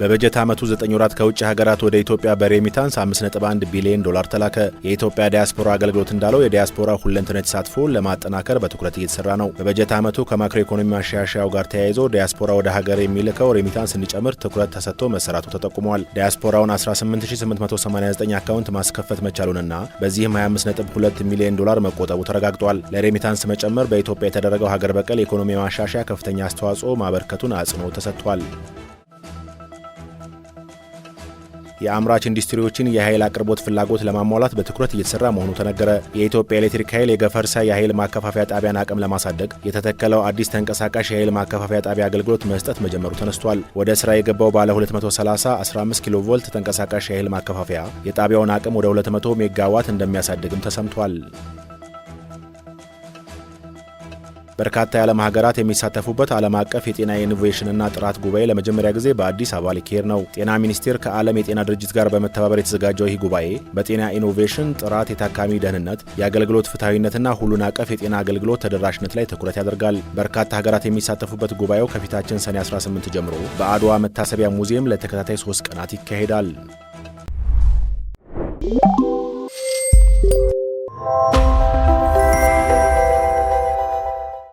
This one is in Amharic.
በበጀት ዓመቱ 9 ወራት ከውጭ ሀገራት ወደ ኢትዮጵያ በሬሚታንስ 5.1 ቢሊዮን ዶላር ተላከ። የኢትዮጵያ ዲያስፖራ አገልግሎት እንዳለው የዲያስፖራ ሁለንተናዊ ተሳትፎ ለማጠናከር በትኩረት እየተሰራ ነው። በበጀት ዓመቱ ከማክሮ ኢኮኖሚ ማሻሻያው ጋር ተያይዞ ዲያስፖራ ወደ ሀገር የሚልከው ሬሚታንስ እንዲጨምር ትኩረት ተሰጥቶ መሰራቱ ተጠቁሟል። ዲያስፖራውን 18889 አካውንት ማስከፈት መቻሉንና በዚህም 25.2 ሚሊዮን ዶላር መቆጠቡ ተረጋግጧል። ለሬሚታንስ መጨመር በኢትዮጵያ የተደረገው ሀገር በቀል የኢኮኖሚ ማሻሻያ ከፍተኛ አስተዋጽኦ ማበርከቱን አጽንኦት ተሰጥቷል። የአምራች ኢንዱስትሪዎችን የኃይል አቅርቦት ፍላጎት ለማሟላት በትኩረት እየተሰራ መሆኑ ተነገረ። የኢትዮጵያ ኤሌክትሪክ ኃይል የገፈርሳ የኃይል ማከፋፈያ ጣቢያን አቅም ለማሳደግ የተተከለው አዲስ ተንቀሳቃሽ የኃይል ማከፋፈያ ጣቢያ አገልግሎት መስጠት መጀመሩ ተነስቷል። ወደ ስራ የገባው ባለ 230 15 ኪሎ ቮልት ተንቀሳቃሽ የኃይል ማከፋፈያ የጣቢያውን አቅም ወደ 200 ሜጋዋት እንደሚያሳድግም ተሰምቷል። በርካታ የዓለም ሀገራት የሚሳተፉበት ዓለም አቀፍ የጤና ኢኖቬሽንና ጥራት ጉባኤ ለመጀመሪያ ጊዜ በአዲስ አበባ ሊካሄድ ነው። ጤና ሚኒስቴር ከዓለም የጤና ድርጅት ጋር በመተባበር የተዘጋጀው ይህ ጉባኤ በጤና ኢኖቬሽን ጥራት፣ የታካሚ ደህንነት፣ የአገልግሎት ፍትሐዊነትና ሁሉን አቀፍ የጤና አገልግሎት ተደራሽነት ላይ ትኩረት ያደርጋል። በርካታ ሀገራት የሚሳተፉበት ጉባኤው ከፊታችን ሰኔ 18 ጀምሮ በአድዋ መታሰቢያ ሙዚየም ለተከታታይ ሶስት ቀናት ይካሄዳል።